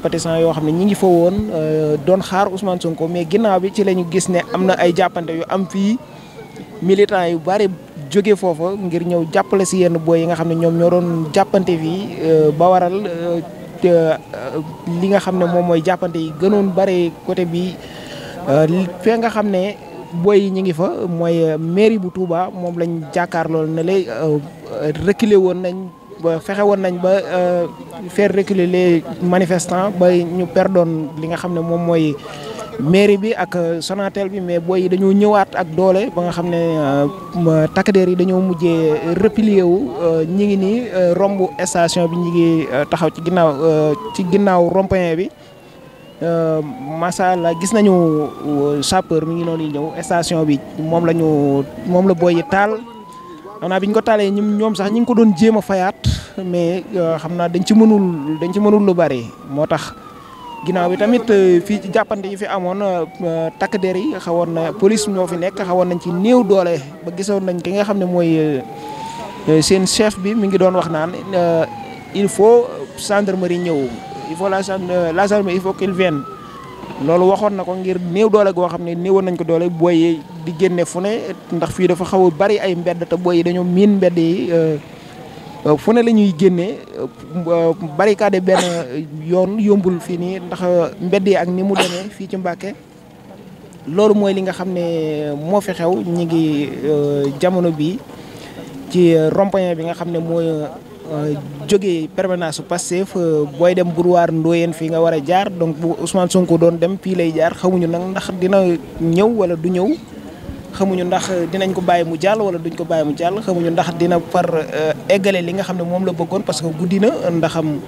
sympathisants yoo xam ne ñi ngi fa woon euh, doon xaar Ousmane Sonko mais ginnaaw bi ci la ñu gis ne am na ay jàppante yu am fii militants yu bari jóge foofa ngir ñëw jàppale si yenn booy yi nga xam ne ñoom ñoo doon jàppante fii euh, ba waral euh, li nga xam ne moom mooy jàppante yi gënoon bare côté bi fee nga xam ne booy yi ñu ngi fa mooy mairie bu Touba moom lañ jàkkaarlool ne la reculé woon nañ. fexe woon nañ ba euh, faire reculer les manifestant ba ñu perdoon li nga xam ne moom mooy mairie bi ak euh, Sonatel bi mais booy yi dañoo ñëwaat ak doole ba nga xam ne euh, takk der yi dañoo mujjee replier wu ñi ngi nii romb station bi ñi ngi taxaw ci ginnaaw ci ginnaaw rond-point bi masala gis nañu sapeur mi ngi noonu ñëw station bi moom la ñu moom la booy yi taal xam naa bi ñu ko taalee ñoom sax ñu ngi ko doon jéem a fayaat mais euh, xam naa dañ ci mënul dañ ci mënul lu bari moo tax ginnaaw bi tamit euh, fi ci jàppante yi fi amoon euh, takk der yi xawoon na police ñoo fi nekk xawoon nañ ci néew doole ba gisoon nañ ki nga xam ne mooy seen chef bi mu ngi doon wax naan il faut gendarmerie ñëw il faut la la gendarmerie il faut qu'il vienne loolu waxoon na ko ngir néew doole goo xam ne néewoon nañ ko doole booy di génne fu ne ndax fii dafa xaw bari ay mbedd te booy yi miin mbedd yi. Euh, fu ne la ñuy génnee euh, euh, barricade benn yoon yombul fii nii ndax mbedd yi ak ni mu demee fii ci Mbàkke loolu mooy li nga xam ne moo fi xew ñi ngi jamono bii ci rond bi nga xam ne mooy jógee permanence su Pastef booy dem boulevard Ndoyeen fii nga war a jaar donc bu Ousmane Sonko doon dem fii lay jaar xamuñu nag ndax dina ñëw wala du ñëw xamuñu ndax dinañ ko bàyyi mu jàll wala duñ ko bàyyi mu jàll xamuñu ndax dina par euh, eggale li nga xam ne moom la bëggoon parce que guddi na ndaxam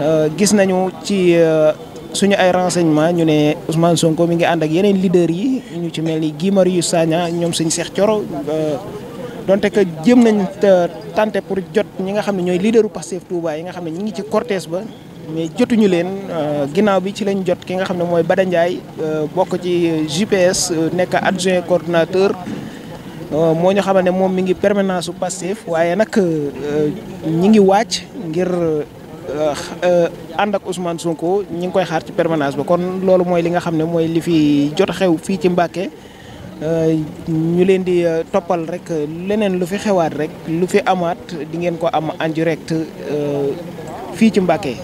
euh, gis nañu ci euh, suñu ay renseignement ñu ne Ousmane Sonko mi ngi ànd ak yeneen leader yi ñu ci mel ni giimar yu Sagna ñoom sëñ Cheikh Thioro donte que jëm nañ tenter pour jot ñi nga xam ne ñooy leaderu Pastef Touba yi nga xam ne ñi ngi ci cortège ba mais jotuñu leen euh, ginnaaw bi ci lañ jot ki nga xam ne mooy Bada Ndiaye euh, bokk ci GPS euh, nekk adjoint coordinateur moo ñu xamal ne moom mi ngi permanence su Pastef waaye nag ñi ngi wàcc ngir ànd ak Ousmane Sonko ñi ngi koy xaar ci permanence bi kon loolu mooy li nga xam ne mooy li fi jot xew fii ci Mbacké ñu leen di toppal rek leneen lu fi xewaat rek lu fi amaat di ngeen ko am en direct fii ci Mbacké